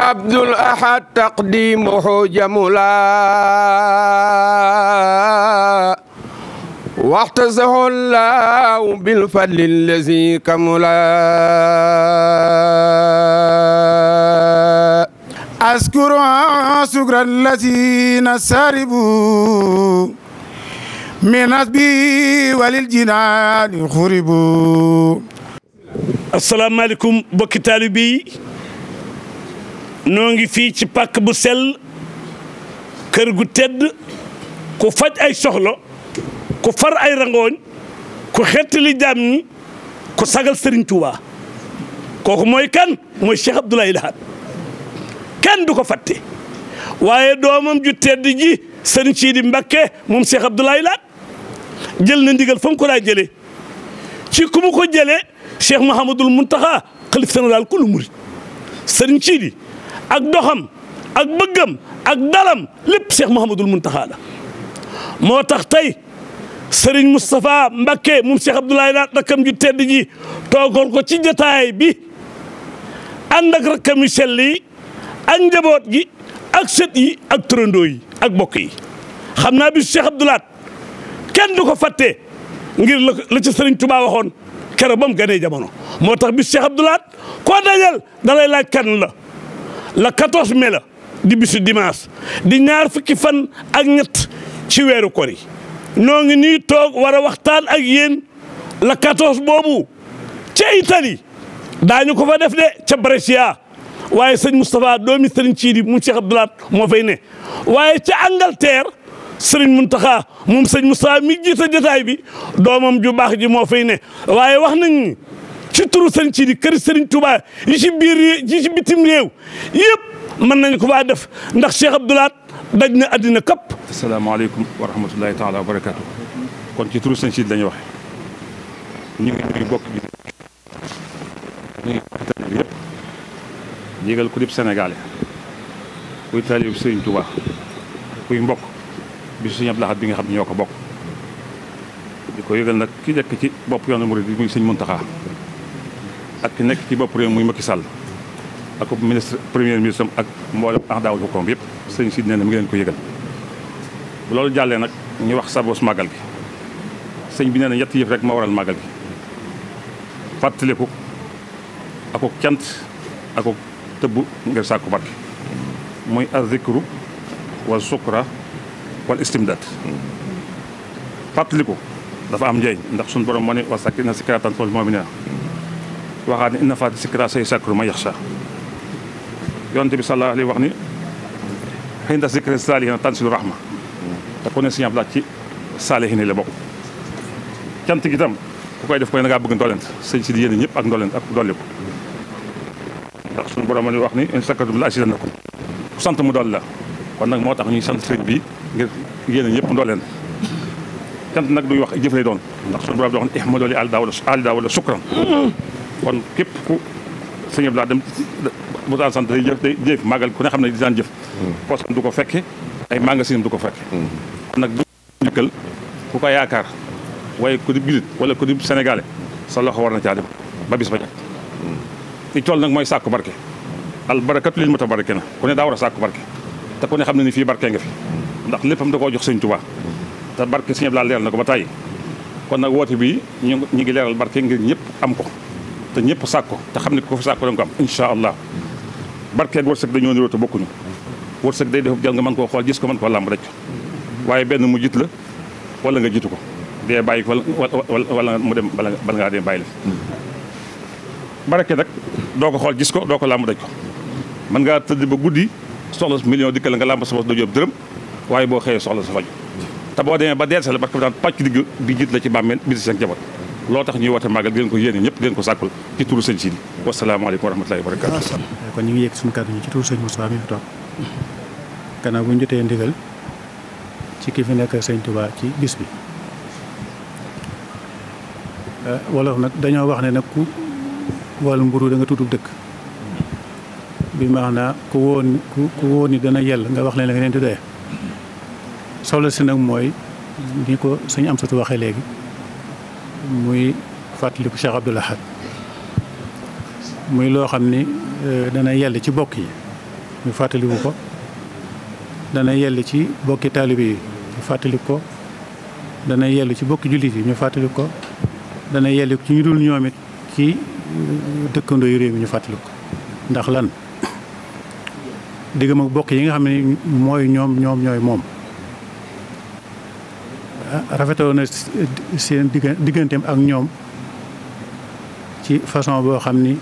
abdul ahad taqdimuhu jamula waxtasahu llahu bilfadli allazi kamula askuru sukra allazina saribu min asbi walil jinaani xuribu asalaamaaleykum mbokki taalibe yi noo ngi fii ci pàkk bu sel kër gu tedd ko faj ay soxla ko far ay rangooñ ku xettali jaam ko ku sagal Serigne Touba kooku mooy kan mooy Cheikh Abdoulaye Lahad kenn du ko fàtte waaye doomam ju tedd ji Serigne Sidi Mbacké moom Cheikh Abdoulaye Lahad jël na ndigal fa ko daa jële ci ku mu ko jëlee Cheikh Mouhamadoul Mountakha xalif général ku lu murit Serigne ak doxam ak bëggam ak dalam lépp Cheikh Mouhamadul Mountakha la moo tax tey Serigne Moustapha Mbacké moom Cheikh Abdoulaye Laat rakkam ju tedd ji toogoon ko ci jotaay bi ànd ak rakkam yu sell yi ak njaboot gi ak sët yi ak turandoo yi ak bokk yi xam naa bi Cheikh Abdou kenn du ko fàttee ngir la ci sëriñ Touba waxoon keroog ba mu ganee jamono moo tax bi Cheikh Abdou Lahat koo dajal laaj kan la la 14 mai la di bisu dimanche di ñaar fukki fan ak ñett ci weeru kor yi noo ngi nii toog war a waxtaan ak yéen la 14 boobu ca Italie daañu ko fa def de ca Brescia waaye sëñ Moustapha doomi sëriñ Ciidi mu Cheikh Abdoulaat moo fay ne waaye ca Angleterre sëriñ Muntaxa moom sëñ Moustapha mi jiite jotaay bi doomam ju baax ji moo fay ne waaye wax na ni ci turu sëriñ di kër sëriñ Touba yi ci biir yi ci bitim réew yëpp mën nañ ko faa def ndax Cheikh Abdoulaat daj na addina kapp. asalaamaaleykum wa rahmatulahi taala wa barakaatu. kon ci turu sëriñ ci lañu waxe ñu ngi nuyu bokk bi ñu ngi mbokk bi suñu bi nga xam ñoo ko bokk di ko nag ki nekk ci bopp yoonu murid bi muy sëñ Muntaxa ki nekk ci bopp réew muy Macky Sall ak ministre premier ministre am ak mboolem ah yëpp sëñ si nee na mi ngi leen ko yëgal bu loolu jàllee nag ñu wax sabos màggal gi sëñ bi nee na yëpp yëf rek moo waral màggal gi fàttaliku akuk cant akuk tëbb ngir sàkku barke muy azikru wal sukra wal istimdaad fàttaliku dafa am njëriñ ndax suñu borom moo ne wa sakina si karatan sol moom i waxaat ne inna faati sikra say sakru ma yaxsha yonte bi sallallahu alayhi wax ni xinda sikri saalihiina tansilu rahma te ku ne Sëñ Abdu ci saalihiina la bokk cant gi tam ku koy def koy dangaa bëgg ndolent sëñ si di yéen ñëpp ak ndolent ak dolli ko ndax suñu borom a wax ni in sakartum la azidannakum ku sant mu dool la kon nag moo tax ñu sant sëñ bi ngir yéen ñëpp ndolent cant nag duy wax jëf lay doon ndax suñu borom di wax ne ihmadu li aali daawuda aali daawuda sukran kon képp ku sëñ laa dem bu daan sant day jëf day màggal ku ne xam ne di daan jëf poosam du ko fekke ay magasin du ko fekke kon nag du ku ko yaakaar waaye ku di gilit wala ku di sénégalais sa loxo war na caa dem ba bis ba jag li tool nag mooy sàkku barke al barakatu lil mutabarrikina na ku ne daa war a sàkku barke te ku ne xam ne ni fii barke nga fi ndax léppam da koo jox sëñ Tuubaa te barke sëñ laa leer na ko ba tàyyi kon nag woote bii ñu ngi leeral barke ngir ñëpp am ko te ñëpp sàkko te xam ne ko fa sàkko da nga ko am incha allah barkeeg wërsëg dañoo niroo te bokkuñu wërsëg day def jël nga mën koo xool gis ko mën koo làmb waaye benn mu jiit la wala nga jiitu ko dee bàyyi ko wala mu dem bala ngaa dem bàyyi la barke nag doo ko xool gis ko doo ko làmb daj ko mën ngaa tëdd ba guddi soxla million dikkal nga làmb sa bopp doo dërëm waaye boo xëyee soxla sa faju te boo demee ba deel sa la barke bi daan pàcc digg bi jiit la ci bàmmeel bi di seen njaboot loo tax ñuy woote màggal di ko yéene ñëpp di leen ko sàkkul ci turu sëñ Sidi wasalaamaaleykum wa rahmatulahi wa barakaatu ah, kon ñu ngi yëg suñu kàddu yi ci turu sëñ Moussa mi fi toog gannaaw ci ki fi nekk sëñ Touba ci bis bi eh, wolof nag dañoo wax ne nag ku wàllu mburu da nga tudd dëkk bi maanaam ku woon ku woon ni dana yell nga wax ne la nga di doyee solo si nag mooy ni ko sëñ Amsatu waxee léegi muy fàttaliku Cheikh Abdoul Ahad muy loo xam ni eh, dana yell ci bokk yi ñu fàttaliku ko dana yell ci bokki taalibe yi ñu fàttaliku ko dana yell ci bokki jullit yi ñu fàttaliku ko dana yell ci ñu dul ñoom it ci eh, dëkkandoo yu réew mi ñu fàttaliku ndax lan diggam ak bokk yi nga xam ne mooy ñoom ñoom ñooy moom rafetoo na seen digganteem ak ñoom ci façon boo xam ni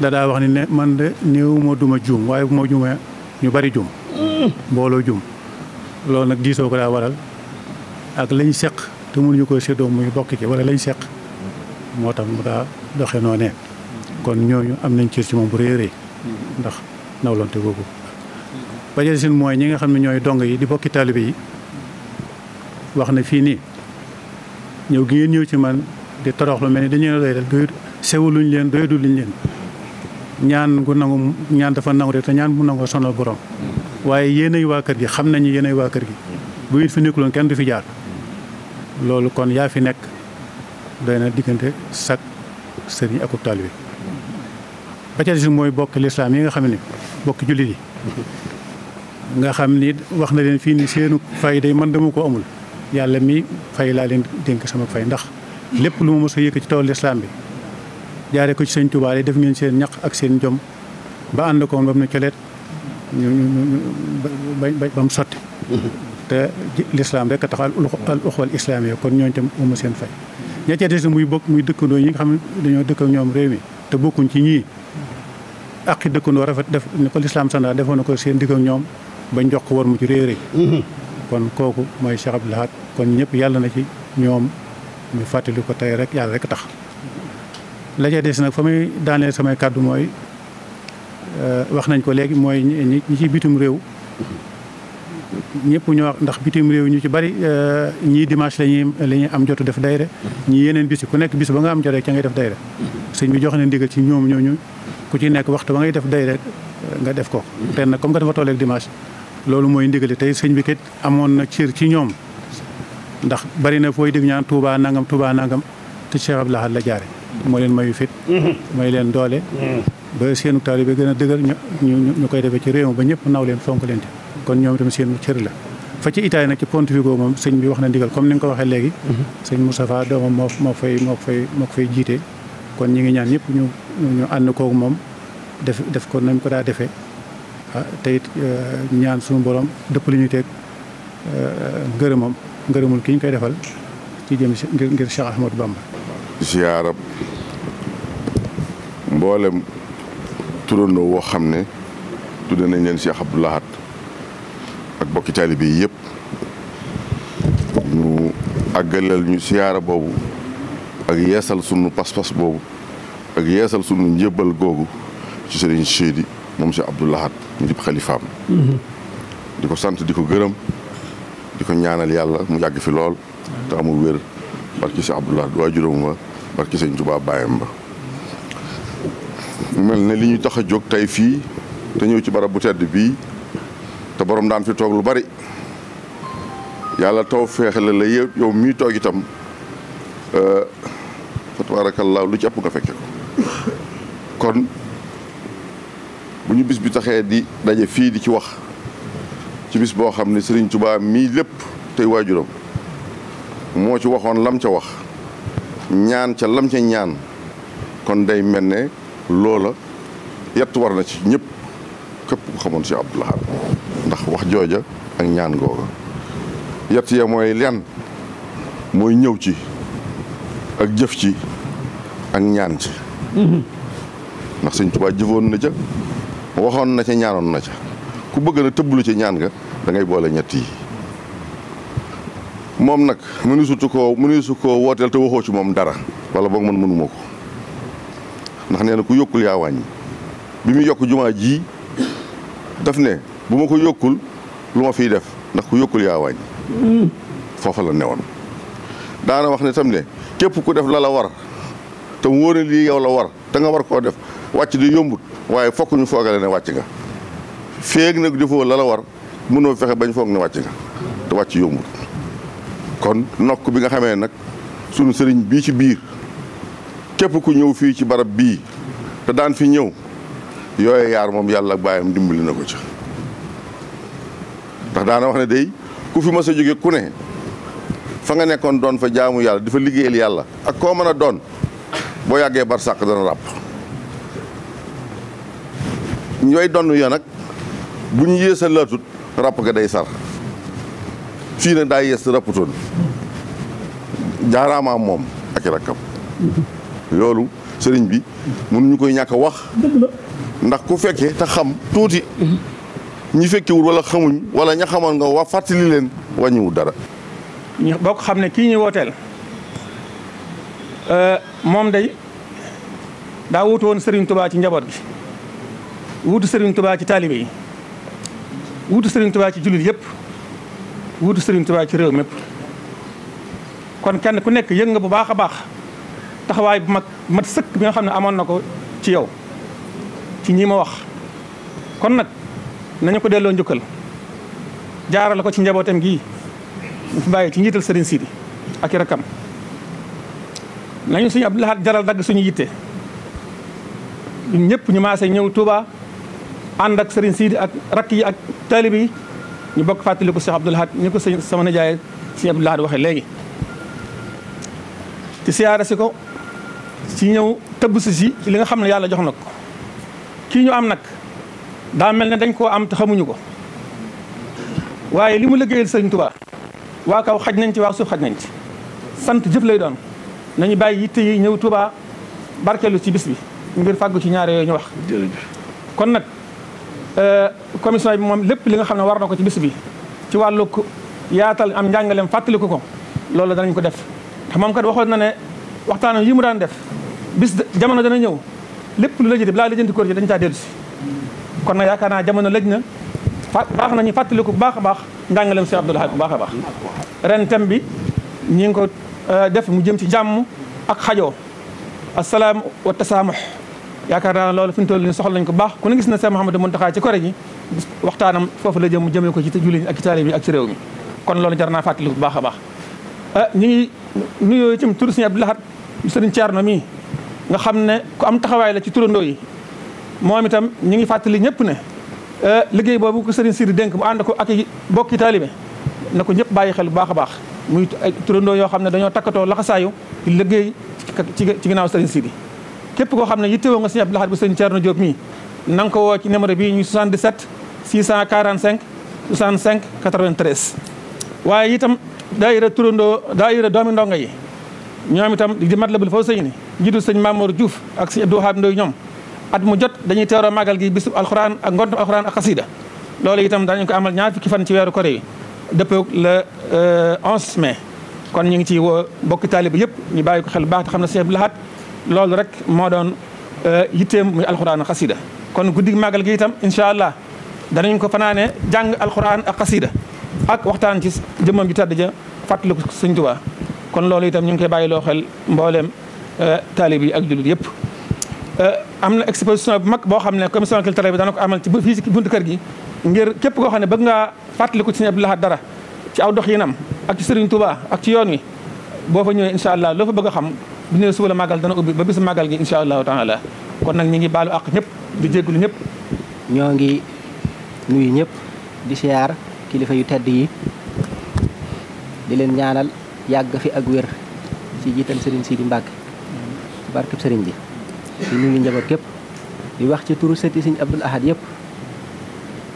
da daa wax ni ne man de néewuma duma juum waaye bu moo juumee ñu bari juum mbooloo juum loolu nag diisoo ko daa waral ak lañ seq te ñu ko seddoo muy bokk ci wala lañ seq moo tax mu daa doxee noonee kon ñooñu am nañ cër ci moom bu réeree ndax nawlonte googu ba jël seen mooy ñi nga xam ne ñooy dong yi di bokki taalibe yi wax na fii nii ñëw gi ñëw ci man di torox mel ni dañu leen doy doy sewu leen doy du leen ñaan gu nangu ñaan dafa nangu rek te ñaan mu nangoo sonal borom waaye yéenay waa kër gi xam nañu yéenay waa kër gi bu ngeen fi nekkuloon kenn fi jaar loolu kon yaa fi nekk doy na diggante sag sëriñ akub taalibe ba ca des mooy bokk lislaam yi nga xam ne bokk jullit yi nga xam ni wax na leen fii ni seenu fay day man dama ko amul yàlla mi fay laa leen dénk sama fay ndax lépp lu ma mos a yëkk ci tool lislaam bi jaare ko ci sëñ Tuubaa def ngeen seen ñaq ak seen jom ba ànd ko ba mu ne coleet ñu ba mu sotti te lislaam rek a tax al uxwal islaamiya kon ñooñu tam uma seen fay ña ca des muy bokk muy dëkkandoo ñi nga xam ne dañoo dëkk ak ñoom réew mi te bokkuñ ci ñii ak dëkkandoo rafet def ni ko lislaam sandaa defoon na ko seen digg ak ñoom bañ jox ko war mu ci réew réew mm-hmm. kon kooku mooy Cheikh Abdou kon ñëpp yàlla na ci ñoom ñu fàttali ko tey rek yàlla rek tax la ca des nag fa muy daaneel samay kàddu mooy euh, wax nañ ko léegi mooy ñi ci bitim réew ñëpp ñoo ndax bitim réew ñu ci bari euh, ñii dimanche la ñuy la ñuy am jotu def dayre ñii yeneen bis ku nekk bis ba nga am jot rek ca ngay def dayre sëñ bi jox na ndigal ci ñoom ñu ku ci nekk waxtu ba ngay def dayre euh, nga def ko ren nag comme que dafa tolleeg dimanche loolu mooy ndigal tey sëñ bi kat amoon na cër ci ñoom ndax bari na fooy dégg ñaan tuubaa nangam Touba nangam te Cheikh Abdou Lahad la jaare moo leen mayu fit mhm. may leen doole mhm. ba seenu taalibe gën a dëgër ñu ñu koy defee ci réew mi ba ñëpp naw leen fonk leen kon ñoom itam seen cër la fa ci Italie nag ci Pontefico moom sëñ bi wax na ndigal comme ni nga ko waxee léegi mhm. sëñ Moustapha doomam moo moo fay moo fay moo ko fay jiite kon ñi ngi ñaan ñëpp ñu ñu ànd kooku moom def def ko nañ ko daa defee ah te it eh, ñaan suñu borom dëpp li ñu teeg eh, ngërëmam ngërëmul ki ñu koy defal ci jëm ngir ngir Cheikh Ahmadou Bamba. ziarab mboolem turandoo woo xam ne tudde nañ leen si Abdou Lahad ak bokki taalibe yi yëpp ñu àggalal ñu ziara boobu ak yeesal sunu pas-pas boobu ak yeesal sunu njëbal googu ci sëriñ Seydi moom Cheikh Abdou mu di xalifaam di ko sant di ko gërëm di ko ñaanal yàlla mu yàgg fi lool te amul wér barki si Abdoulaye waaye juróom ba barki sëñ Tuubaa baayam ba mel ne li ñu tax a jóg tey fii te ñëw ci barab bu tedd bii te boroom daan fi toog lu bari yàlla taw feex la yow mii toog itam euh, fa tabaarakallaahu lu ci nga fekke ko kon bu ñu bis bi taxee di daje fii di ci wax ci bis boo xam ne Serigne tubaa mii lépp tey waajuram moo ci waxoon lam ca wax ñaan ca lam ca ñaan kon day mel ne loola yett war na ci ñépp képp xamoon si Abdou Lahad ndax wax jooja ak ñaan googa yett ya mooy lenn mooy ñëw ci ak jëf ci ak ñaan ci mhm. ndax Sëñ Tuubaa jëfoon na ca waxoon na ca ñaanoon na ca ku bëgg na tëbblu ci ñaan nga dangay boole ñett yi moom nag mënu sutu koo mënu su koo wooteel te waxoo ci moom dara wala boog man mënuma ko ndax nee na ku yokkul yaa wàññi bi mu yokk jumaa ji daf ne bu ma ko yokkul lu ma fiy def ndax ku yokkul yaa wàññi foofa la newoon daana wax ne tam ne képp ku def la la war te mu wóor ne lii yow la war te nga war koo def wàcc di yombut waaye fokk ñu foogale ne wàcc nga féeg nag defoo la la war mënoo fexe bañ foog na wàcc nga te wàcc yombut kon nokk bi nga xamee nag sunu sëriñ bii ci biir képp ku ñëw fii ci barab bii te daan fi ñëw yooye yaar moom yàlla ak bàyyam dimbali na ko ci ndax daana wax ne day ku fi mas a jóge ku ne fa nga nekkoon doon fa jaamu yàlla di fa liggéeyal yàlla ak koo mën a doon boo yàggee bar sàq dana ràpp ñooy donn ya nag bu ñu yéesa laatut ràpp ga day sar fii nag daa yees ràpputoon jaaraamaam moom ak i rakkam loolu sëriñ bi ñu koy ñàkk wax ndax ku fekke te xam tuuti ñi fekkewul wala xamuñ wala ña xamoon nga wa fàttali leen wàññiwul dara ñu bokk xam ne kii ñu wooteel euh, moom day daa wutu woon sëriñ Tuubaa ci njaboot gi wuutu sëriñ Touba ci taalibe yi wuutu Serigne Touba ci jullit yëpp wuutu sëriñ Touba ci réew mépp kon kenn ku nekk yëg nga bu baax a baax taxawaay bu mag mat sëkk bi nga xam ne amoon na ko ci yow ci ñi ma wax kon nag nañu ko delloo njukkal jaarale ko ci njabootam gi ñu fi ci njiital Serigne Sidi ak i rakam nañu suñu Abdou jaral dagg suñu yitte ñun ñëpp ñu maase ñëw Touba. ànd ak sëriñ Sidi ak rakk yi ak taalib yi ñu bokk fàttaliku ko Abdoul Ahad ñu ko sëñ sama nijaay sëñ Abdoul Ahad waxee léegi. ci siyaare si ko ci ñëw tëbb si si li nga xam ne yàlla jox nag ko kii ñu am nag daa mel ne dañ koo am te xamuñu ko waaye li mu liggéeyal sëriñ Tuubaa waa kaw xaj nañ ci waa suuf xaj nañ ci sant jëf lay doon nañu bàyyi yitte yi ñëw Tuubaa barkeelu ci bis bi ngir fàggu ci ñaare yooyu ñu wax kon nag Euh, commission bi moom lépp li nga xam ne war na ko ci bis ci wàllu yaatal am njàngaleem fàttaliku ko loolu danañ ko def ndax moom kat waxoon na ne waxtaanam yi mu daan def bis jamono dana ñëw lépp lu la jënd balaa lijjanti koor ji dañu caa dellu si kon nag yaakaar naa jamono lëj na baax na nañu fàttaliku bu baax a baax njàngaleem si Abdoul Ahad bu baax a baax ren thème bi ñi ngi ko euh, def mu jëm ci jàmm ak xajoo asalaam wa tasaamux yaakaar naa loolu fi mu toll nii soxla nañ ko baax ku ne gis na Seex Mouhamadou Mountakha waxtaanam foofu la jëm mu jëmee ko ci julli ak ci taalibe bi ak kon loolu jar naa bu baax a baax ah ñu ngi nuyoo ci tur Sëriñ Abdou Lahad Sëriñ nga xam ne ku am taxawaay la ci turandoo yi moom itam ñu ngi fàttali ñëpp ne ah, liggéey boobu ko Sëriñ Siri dénk mu ànd ko ak bokki taalibe na ko ñëpp bàyyi xel bu baax a baax muy turandoo yoo xam ne dañoo takkatoo laxasaayu liggéey ci ginnaaw Sëriñ Siri képp koo xam ne yittewoo nga sëñ Abdou Lahad bu sëñ Thierno Diop mii na nga ko woo ci numéro bii ñu 77 645 65 93. waaye itam daayira turandoo daayira doomi ndongo yi ñoom itam di Matlabul Fawzayni jiitu sëñ Mamour Diouf ak sëñ Abdou Wahab Ndoy ñoom at mu jot dañuy teeroo màggal gi bisub alxuraan ak ngontum alxuraan ak xasida loolu itam danañ ko amal ñaar fukki fan ci weeru koré yi dëppoo le 11 euh, mai kon ñu ngi ci woo mbokki taaliba yëpp ñu bàyyi ko xel baax te xam ne Sëñ Abdou loolu rek moo doon euh, yitteem muy alxuraan xasida kon guddi màggal gi itam incha allah danañ ko fanaane jàng alxuraan a xasida ak waxtaan ci jëmmam ji tedd ja fàttaliku sëñ Tuubaa kon loolu itam ñu ngi koy bàyyi loo xel mbooleem euh, taalib yi ak jullit yëpp. Euh, am na exposition bu mag boo xam ne commission culturelle bi dana ko amal ci fii ci buntu kër gi ngir képp koo xam ne bëgg ngaa fàttaliku ci sëñ Abdou Lahad dara ci aw dox yi nam ak ci sëriñ ak ci yoon wi boo fa ñëwee incha allah loo fa bëgg xam. bu ñu nee suba la màggal dana ubbi ba bisu màggal gi incha allahu taala kon nag ñu ngi baalu àq ñëpp di jéggulu ñëpp. ñoo ngi nuyu ñëpp di siyaar kilifa yu tedd yi di leen ñaanal yàgg fi ak wér ci jiital sëriñ Sidi Mbacke ci barkeb sëriñ bi di nuyu njaboot képp di wax ci turu sëti sëriñ Abdoul Ahad yëpp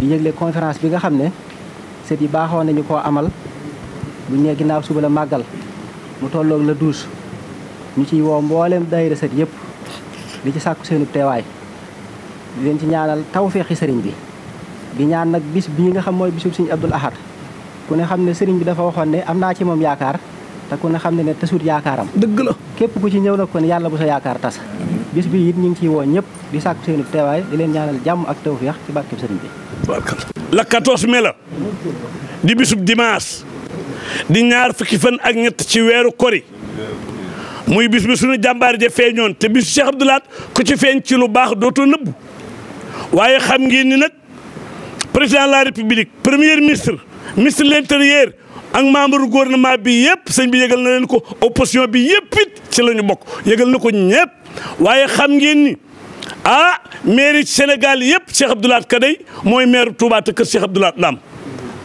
di yëgle conférence bi nga xam ne sët yi baaxoo nañu koo amal bu ñu nee ginnaaw suba la màggal mu tolloog la douze. ñu ciy woo mbooleem daayira sët yëpp di ci sàkku seenu teewaay di leen ci ñaanal tawféexi sëriñ bi di ñaan nag bis bii nga xam mooy bisub sëriñ Abdul Ahad ku ne xam ne sëriñ bi dafa waxoon ne am naa ci moom yaakaar te ku ne xam ne ne tasut yaakaaram dëgg la képp ku ci ñëw nag kon yàlla bu sa yaakaar tas bis bi it ñu ngi ciy woo ñëpp di sàkku seenu teewaay di leen ñaanal jàmm ak tawféex ci barkeb sëriñ bi la 14 di bisub dimanche di ñaar fukki fan ak ñett ci weeru kori muy bis bi suñu jàmbaar jee feeñoon te bisu Cheikh Abdou Lahad ku ci feeñ ci lu baax dootoo nëbb waaye xam ngeen ni nag président la république premier ministre ministre de l'intérieur ak membre gouvernement bi yëpp sëñ bi yëgal na leen ko opposition bi yëpp it ci la ñu bokk yëgal na ko ñëpp waaye xam ngeen ni ah mairie Sénégal yëpp Cheikh Abdou Lahad ka day mooy maire Touba te kër Cheikh Abdou Lahad la am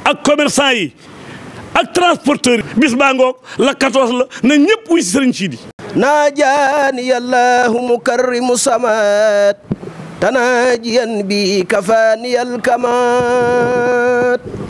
ak commerçant yi ak transporteur yi bis baa ngoog la 14 la na ñëpp wuy si sëriñ Sidi ناجاني الله مكرم الصمد تناجيا بي كفاني الكمات